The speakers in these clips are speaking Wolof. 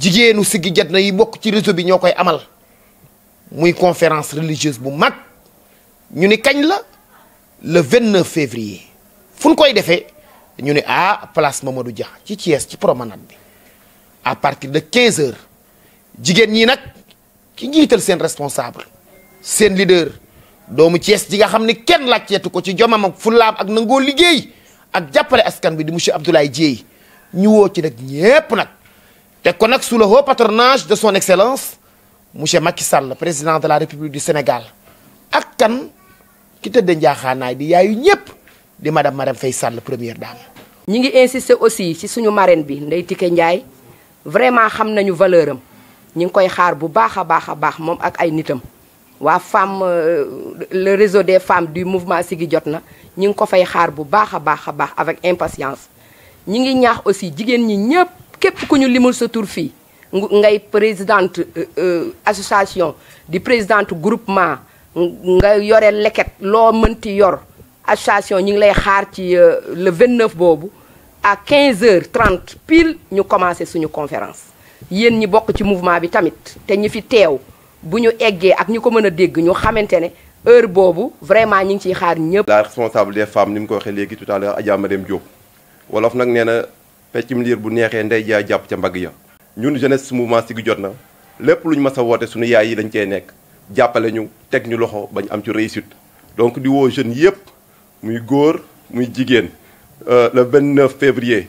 jigéenu siggi jat na yi bokk ci réseau bi ñoo koy amal muy conférence religieuse bu mag ñu ni kañ la le 29 février fu ñu koy defee ñu ne ah place Mamadou Dia ci Thiès ci promenade bi à partir de quinze heures jigéen ñi nag ki njiital seen responsable seen lideur doomu Thiès ji nga xam ne kenn laajteetu ko ci jomam ak laam ak nangoo liggéey ak jàppale askan bi di monsieur Abdoulaye Dieye ñu woo ci nag ñépp nag kon sous le haut patronage de son excellence monsieur Macky Sall président de la république du Sénégal ak kan ki tëdd njaaxaanaay di yaayu ñëpp di madame Marème Faye Sall première dame. ñi ngi aussi ci suñu marraine bi Ndeye Ndiaye vraiment xam nañu valeur am ñi ngi koy xaar bu baax a baax a femme euh, le réseau des femmes du mouvement Siggi jot na ñi ngi ko fay xaar bu avec impatience ñi ngi ñaax aussi jigéen ñi ñëpp. képp ku ñu limul sa tur fii ngay présidente euh, euh, association di présidente groupement nga yore leket loo mënti yor association ñu ngi lay xaar ci euh, le 29 boobu à 15 heures 30 pile ñu commencé suñu conférence yéen ñi bokk ci mouvement bi tamit te ñi fi teew bu ñu eggee ak ñu ko mën a dégg ñu xamante ne heure boobu vraiment ñi ngi ciy xaar ñëpp. la responsable des femmes ni mu ko waxee léegi tout à l'heure Adja Marème wolof nag nee feccum liir bu neexee ndey jaay jàpp ca mbagg ya ñun jeunesse mouvement Siggi jot na lépp lu ñu ma a woote suñu yaay yi dañ cee nekk jàppale ñu teg ñu loxo bañ am ci réussite donc di woo jeunes yëpp muy góor muy jigéen euh, le 29 février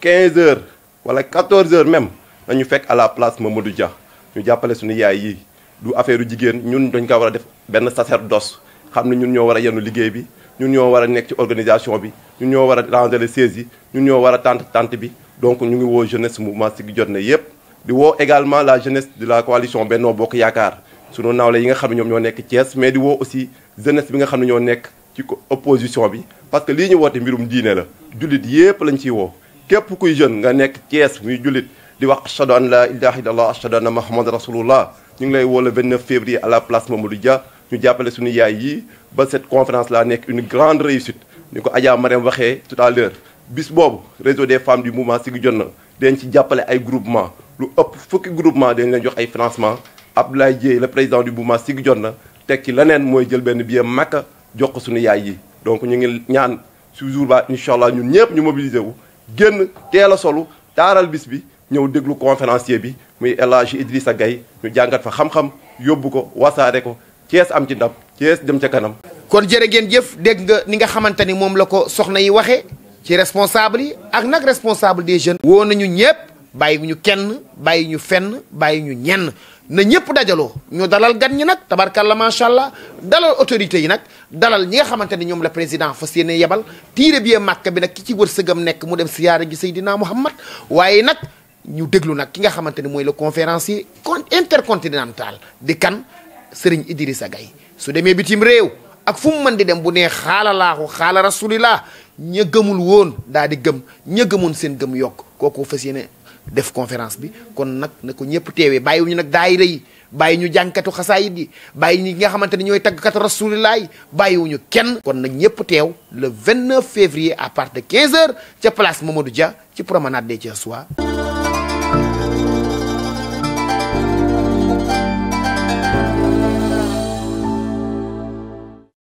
15 heures wala 14 heures même nañu fekk à la place Mamadou ja ñu jàppale suñu yaay yi du affaire jigéen ñun dañ ko war a def benn sacerdoce xam ne ñun ñoo war a yenu liggéey bi ñun ñoo war a nekk ci organisation bi ñun ñoo war a ranger sièges yi ñun ñoo war a tante tant bi donc ñu ngi woo jeunesse mouvement Siggi Jotna yépp di woo également la jeunesse de la coalition Benno Bokk Yaakaar sunu nawle yi nga xam ne ñoom ñoo nekk Thiès mais di woo aussi jeunesse bi nga xam ne ñoo nekk ci opposition bi parce que lii ñu woote mbirum diine la jullit yépp lañ ciy woo képp kuy jeune nga nekk Thiès muy jullit di wax ashadu an la ilaha illallah ashadu anna muhammad rasulullah ñu ngi lay woo le 29 février à la place Mamadou Dia ñu jàppale suñu yaay yi ba cette conférence là nekk une grande réussite ni ko Adja Marème waxee tout à l'heure bis boobu réseau des femmes du mouvement Siggi Jotna dañ ci jàppale ay groupement lu ëpp fukki groupement dañ leen jox ay financement Abdoulaye Dieye le président du mouvement Siggi Jotna teg ci leneen mooy jël benn billet Makka jox ko suñu yaay yi donc ñu ngi ñaan su jour ba incha allah ñun ñëpp ñu mobiliser wu génn teel a solu taaral bis bi ñëw déglu conférencier bi muy El Hadji Idrissa Gueye ñu jàngat fa xam-xam yóbbu ko wasaare ko Thiès am ci ndam Thiès dem ca kanam. kon jërë ngeen jëf dégg nga ni nga xamante ni moom la ko soxna yi waxee ci responsable yi ak nag responsable des jeunes. woo nañu ñëpp bàyyi ñu kenn bàyyi ñu fenn bàyyi ñu ñenn na ñëpp dajaloo ñu dalal gan ñi nag la macha allah dalal autorités yi nag dalal ñi nga xamante ni ñoom la président fa yéene yebal tiire bi màkk bi nag ki ci wërsëgam nekk mu dem siyaare ji Seydina Muhammad waaye nag ñu déglu nag ki nga xamante ni mooy le conférencier intercontinental di kan. sëriñ Idrissa Gay su demee bitim réew ak fu mu mën di dem bu nee xaala laaxu xaala rasulillah ña gëmul woon daa di gëm ña gëmoon seen gëm yokk kooku fas yéene def conférence bi kon nag na ko ñëpp teewee bàyyiwuñu nag daayira yi bàyyi ñu jànkatu xasaa yi bàyyi ñi nga xamante ne ñooy taggkatu rasulillah yi bàyyiwuñu kenn kon nag ñëpp teew le 29 février à partir de 15 heures ca place Mamadou ja ci promenade des Thiessois